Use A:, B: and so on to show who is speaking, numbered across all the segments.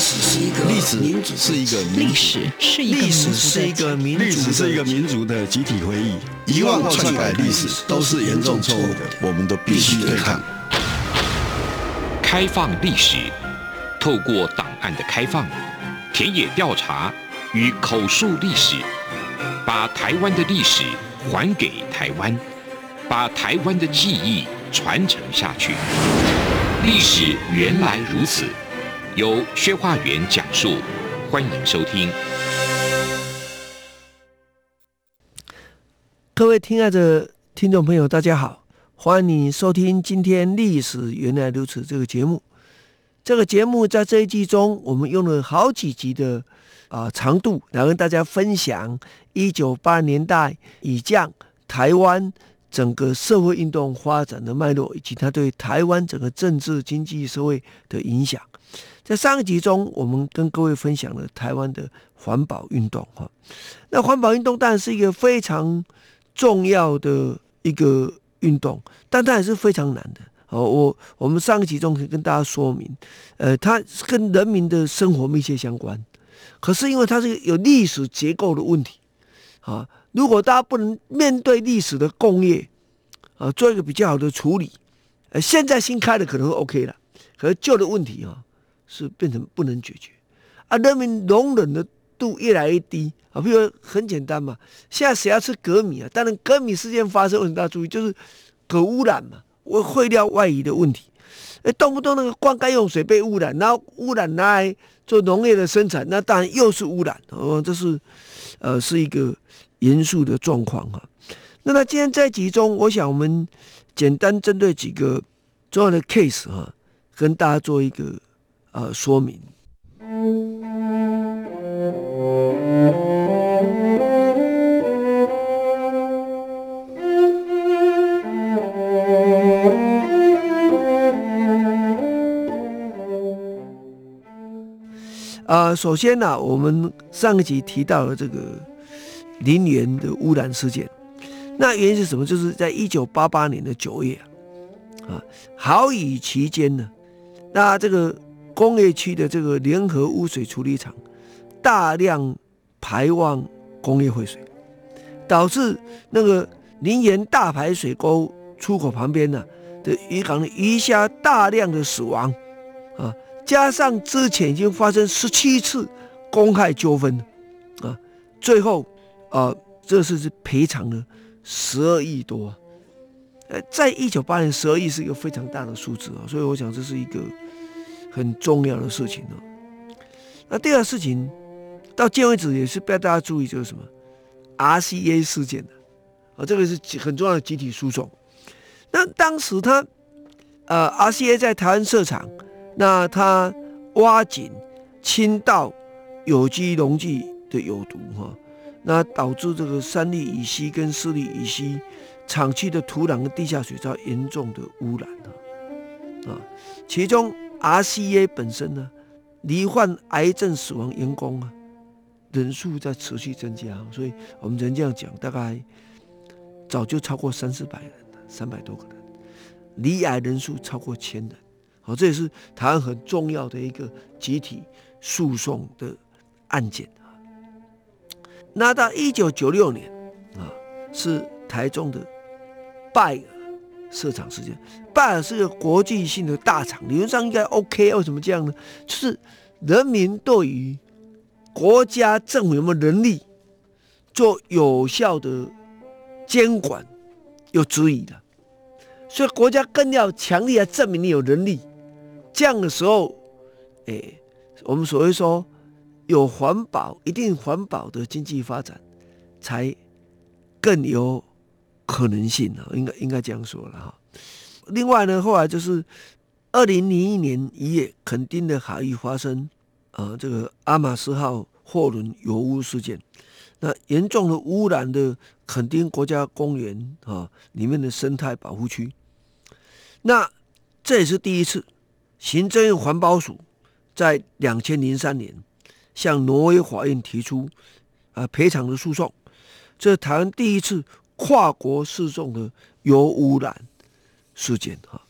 A: 歷史是一個民族，歷史是一個民族的集體回憶。遺忘篡改、歷史都是嚴重錯誤的，我們都必須對抗。開放歷史，透過檔案的開放、田野調查與口述歷史，把台灣的歷史還給台灣，把台灣的記憶傳承下去。歷史原來如此。由薛化元講述，歡迎收聽。各位親愛的聽眾朋友，大家好，歡迎收聽今天《歷史原來如此》這個節目。這個節目在這一季中，我們用了好幾集的啊、呃、長度來跟大家分享一九八零年代以降台灣整個社會運動發展的脈絡，以及它對台灣整個政治、經濟、社會的影響。在上一集中，我們跟各位分享了台灣的環保運動，哈。那環保運動當然是一個非常重要的一個運動，但它也是非常難的。哦，我我們上一集中可以跟大家說明，呃，它跟人民的生活密切相關。可是因為它是有歷史結構的問題，啊，如果大家不能面對歷史的共業，啊，做一個比較好的處理，呃，現在新開的可能會 OK 了，可是舊的問題，哈。是變成不能解決，啊，人民容忍的度越來越低啊。比如很簡單嘛，現在誰要吃鎘米啊？當然，鎘米事件發生，我請大家注意，就是鎘污染嘛，我廢掉外移的問題。哎、欸，動不動那個灌溉用水被污染，然後污染拿來做農業的生產，那當然又是污染。哦，這是呃是一個嚴肅的狀況啊。那那今天在集中，我想我們簡單針對幾個重要的 case 哈、啊，跟大家做一個。呃，說明。呃、首先呢、啊，我們上一集提到了這個林園的污染事件，那原因是什麼？就是在一九八八年的九月，啊，豪雨期間呢，那這個。工業區的這個聯合污水處理廠大量排放工業廢水，導致那個林園大排水溝出口旁邊的魚塘的魚蝦大量的死亡啊！加上之前已經發生十七次公害糾紛啊，最後啊，這次是賠償了十二億多，在一九八零，十二億是一個非常大的數字啊，所以我想這是一個。很重要的事情哦、啊。那第二個事情，到今為止也是不要大家注意，就是什麼？RCA 事件啊，啊，這個是很重要的集體訴訟。那當時他，呃，RCA 在台灣設廠，那他挖井、傾倒有機溶劑的有毒哈、啊，那導致這個三氯乙烯跟四氯乙烯廠區的土壤跟地下水遭嚴重的污染啊，啊其中。RCA 本身呢，罹患癌症死亡員工啊，人數在持續增加，所以我們人這樣講，大概早就超過三四百人了，三百多個人罹癌人數超過千人，好，這也是台灣很重要的一個集體訴訟的案件啊。那到一九九六年啊，是台中的拜耳。市場是這樣，拜耳是個國際性的大廠，理論上應該 OK。為什麼這樣呢？就是人民對於國家政府有沒有能力做有效的監管，有質疑的，所以國家更要強烈來證明你有能力。這樣的時候，哎、欸，我們所謂說有環保，一定環保的經濟發展才更有可能性啊，應該應該這樣說了哈。另外呢，後來就是二零零一年一月，墾丁的海域發生啊、呃，這個阿瑪斯號貨輪油污事件，那嚴重的污染，的墾丁國家公園啊、呃、裡面的生態保護區。那這也是第一次，行政院環保署在二千零三年向挪威法院提出啊、呃、賠償的訴訟，這是台灣第一次。跨國示眾的油污染事件，哈。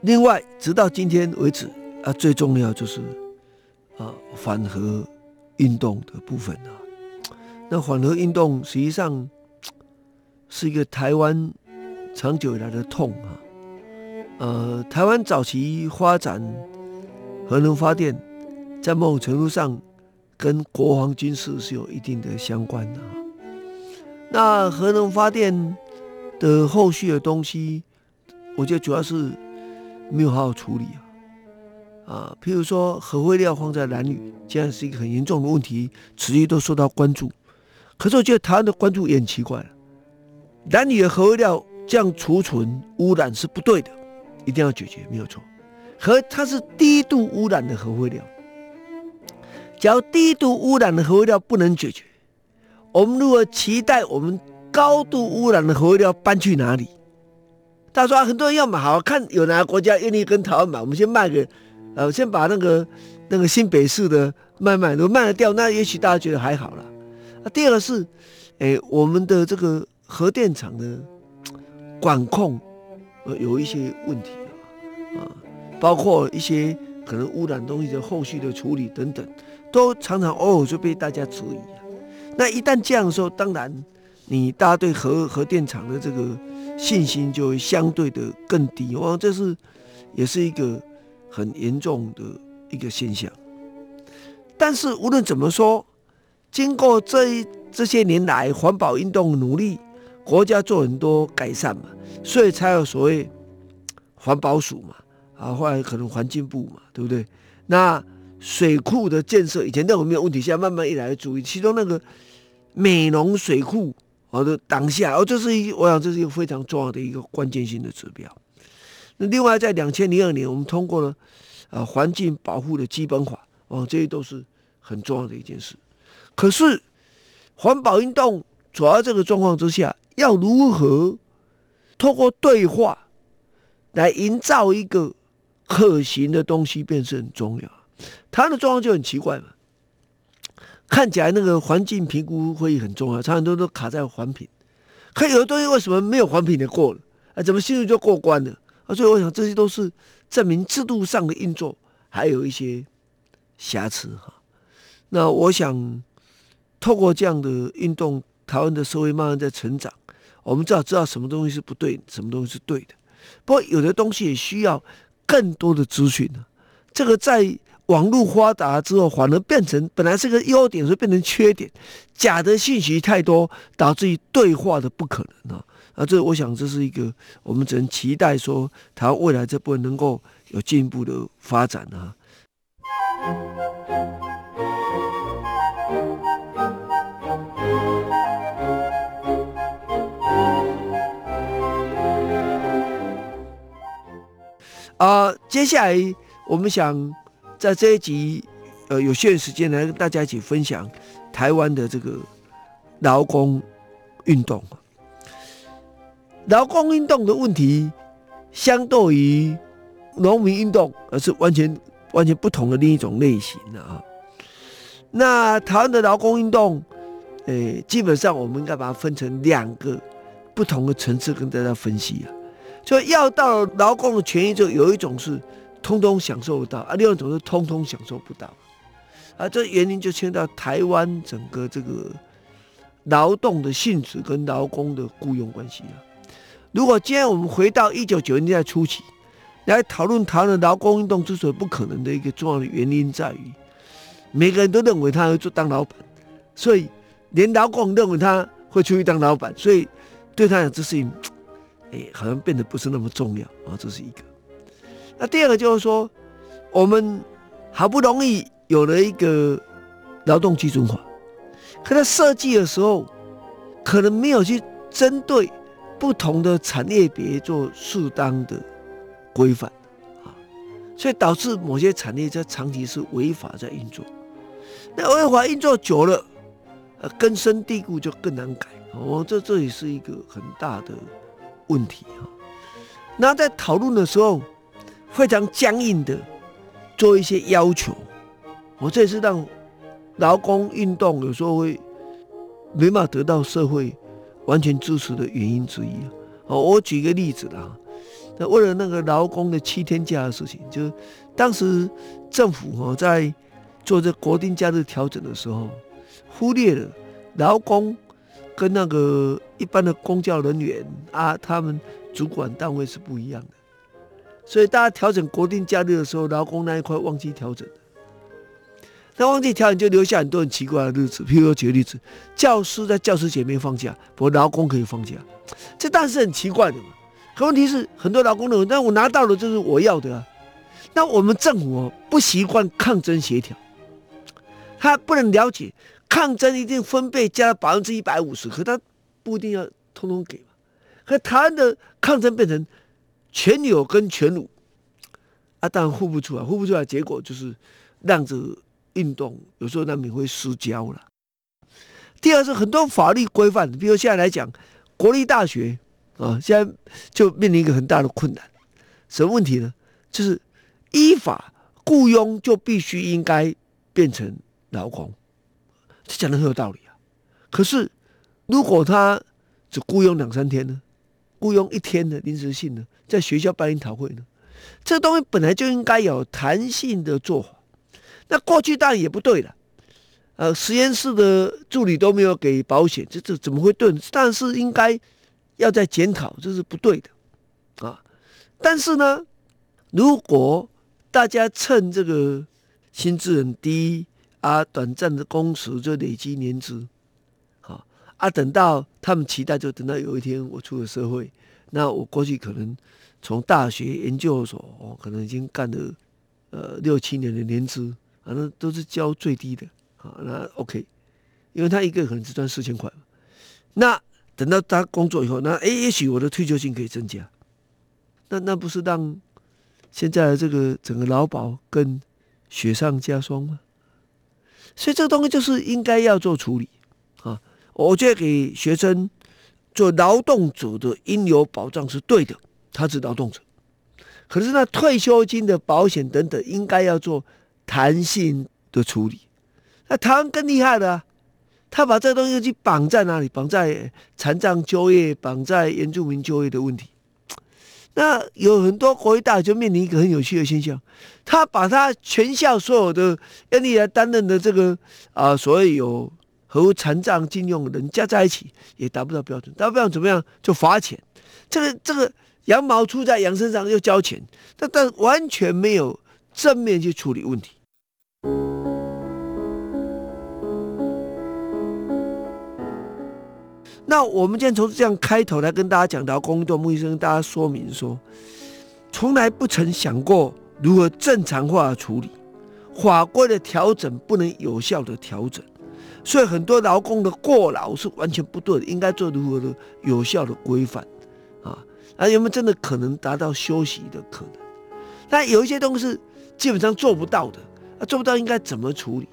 A: 另外，直到今天為止，啊，最重要就是啊，反核運動的部分啊。那反核運動實際上是一個台灣。長久以來的痛啊，呃，台灣早期發展核能發電，在某種程度上跟國防軍事是有一定的相關的啊。那核能發電的後續的東西，我覺得主要是沒有好好處理啊，啊，譬如說核廢料放在蘭嶼，既然是一個很嚴重的問題，持續都受到關注，可是我覺得台灣的關注也很奇怪啊，蘭嶼的核廢料，這樣儲存污染，是不對的，一定要解決，沒有錯。和它是低度污染的核廢料，只要低度污染的核廢料不能解決，我們如何期待我們高度污染的核廢料搬去哪裡？大家說、啊，很多人要買，好看有哪個國家願意跟台灣買，我們先賣給，呃，先把那個那個新北市的賣賣，如果賣得掉，那也許大家覺得還好了、啊。第二個是，哎，我們的這個核電廠呢？管控，呃，有一些問題啊，啊，包括一些可能污染東西的後續的處理等等，都常常偶爾就被大家注意啊。那一旦這樣的時候，當然，你大家對核核電廠的這個信心就會相對的更低。哦，這是，也是一個很嚴重的一個現象。但是無論怎麼說，經過這一這些年來環保運動努力。國家做很多改善嘛，所以才有所謂環保署嘛，啊，後來可能環境部嘛，對不對？那水庫的建設以前那會沒有問題？現在慢慢一來，來注意，其中那個美濃水庫檔，我的擋下哦，這是一，我想這是一個非常重要的一個關鍵性的指標。那另外在兩千零二年，我們通過了啊環境保護的基本法，哦，這些都是很重要的一件事。可是環保運動主要這個狀況之下。要如何透過對話來營造一個可行的東西，便是很重要。台灣的狀況就很奇怪嘛，看起來那個環境評估會議很重要，差很多都卡在環評。可有的東西為什麼沒有環評的過了？啊，怎麼迅速就過關了？啊，所以我想這些都是證明制度上的運作還有一些瑕疵哈。那我想透過這樣的運動，台灣的社會慢慢在成長。我們知道知道什麼東西是不對，什麼東西是對的，不過有的東西也需要更多的資訊呢、啊。這個在網絡發達之後，反而變成本來是個優點，所以變成缺點，假的信息太多，導致於對話的不可能啊。啊，這我想這是一個，我們只能期待說它未來這部分能夠有進一步的發展啊。嗯接下來，我們想在這一集，呃，有限時間來跟大家一起分享台灣的這個勞工運動。勞工運動的問題，相對於農民運動，而是完全完全不同的另一種類型的啊。那台灣的勞工運動，誒、欸，基本上我們應該把它分成兩個不同的層次，跟大家分析啊。所以，要到勞工的權益就有一種是通通享受得到，啊，另外一種是通通享受不到，啊，這原因就牽到台灣整個這個勞動的性質跟勞工的雇傭關係了。如果今天我們回到一九九零年代初期來討論討論勞工運動之所以不可能的一個重要的原因在於，在於每個人都認為他要做當老闆，所以連勞工認為他會出去當老闆，所以對他講這事情。欸、好像變得不是那麼重要啊，這是一個。那第二個就是說，我們好不容易有了一個勞動基準法，可它設計的時候可能沒有去針對不同的產業別做適當的規範啊，所以導致某些產業在長期是違法在運作。那違法運作久了，呃，根深蒂固就更難改哦，這這也是一個很大的。問題啊，那在討論的時候，非常僵硬的做一些要求，我、哦、這也是讓勞工運動有時候會沒法得到社會完全支持的原因之一啊、哦。我舉個例子啦，那為了那個勞工的七天假的事情，就是當時政府哈、哦、在做這國定假日調整的時候，忽略了勞工跟那個。一般的公教人員啊，他們主管單位是不一樣的，所以大家調整國定假日的時候，勞工那一塊忘記調整了。那忘記調整就留下很多很奇怪的日子。譬如舉個例子，教師在教師節沒放假，不過勞工可以放假，這當然是很奇怪的嘛。可問題是，很多勞工的，那我拿到了就是我要的。啊。那我們政府不習慣抗爭協調，他不能了解抗爭一定分貝加百分之一百五十，可他。不一定要通通給嘛？可是台灣的抗爭變成全有跟全無啊，當然付不出來，付不出來，結果就是讓這個運動，有時候難免會失焦了。第二是很多法律規範，比如現在來講國立大學啊，現在就面臨一個很大的困難，什麼問題呢？就是依法雇傭就必須應該變成勞工，這講的很有道理啊，可是。如果他只僱傭兩三天呢？僱傭一天的臨時性的，在學校辦研討會呢？這東西本來就應該有彈性的做法。那過去當然也不對了。呃，實驗室的助理都沒有給保險，這這怎麼會對？但是應該要再檢討，這是不對的，啊。但是呢，如果大家趁這個薪資很低啊，短暫的工時就累積年資。他、啊、等到他們期待，就等到有一天我出了社會，那我過去可能從大學研究所，我可能已經幹了呃六七年的年資，反、啊、正都是交最低的啊。那 OK，因為他一個可能只賺四千塊嘛，那等到他工作以後，那、欸、也許我的退休金可以增加，那那不是讓現在的這個整個勞保更雪上加霜嗎？所以這個東西就是應該要做處理。我覺得給學生做勞動者的應有保障，是對的，他是勞動者。可是那退休金的保險等等，應該要做彈性的處理。那台灣更厲害的、啊，他把這東西去綁在哪裡？綁在殘障就業、綁在原住民就業的問題。那有很多國立大學就面臨一個很有趣的現象，他把他全校所有的，讓你來擔任的這個啊、呃，所謂有。和殘障禁用的人加在一起也達不到標準，達不到怎麼樣就罰錢。這個這個羊毛出在羊身上又交錢，但但完全沒有正面去處理問題。嗯、那我們今天從這樣開頭來跟大家講到工作，木醫生跟大家說明說，從來不曾想過如何正常化的處理，法規的調整不能有效的調整。所以很多勞工的過勞是完全不對的，應該做如何的有效的規範，啊，那、啊、有沒有真的可能達到休息的可能？但有一些東西基本上做不到的，那、啊、做不到應該怎麼處理？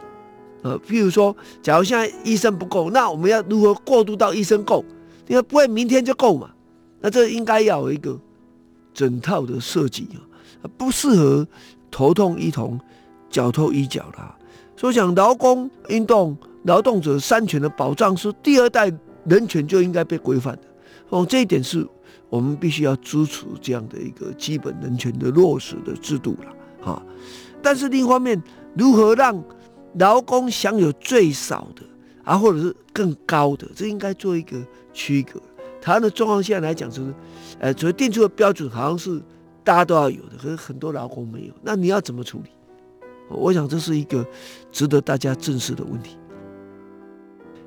A: 呃、啊，譬如說，假如現在醫生不夠，那我們要如何過渡到醫生夠？因為不會明天就夠嘛，那這應該要有一個整套的設計啊，不適合頭痛醫頭，腳痛醫腳啦、啊。所以講勞工運動。勞動者三權的保障是第二代人權就應該被規範的哦，這一點是我們必須要支持這樣的一個基本人權的落實的制度了哈，哦，但是另一方面，如何讓勞工享有最少的啊，或者是更高的，這應該做一個區隔。台灣的狀況現在來講，就是呃，所謂定出的標準好像是大家都要有的，可是很多勞工沒有，那你要怎麼處理？哦，我想這是一個值得大家正視的問題。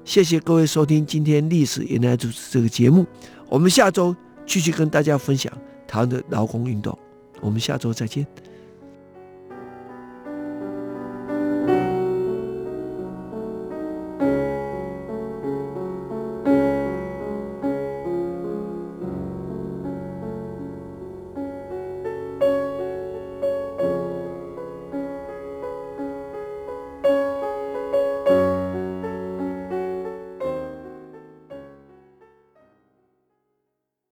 A: 謝謝各位收聽今天歷史迎來主持這個節目，我們下周繼續跟大家分享台灣的勞工運動，我們下周再見。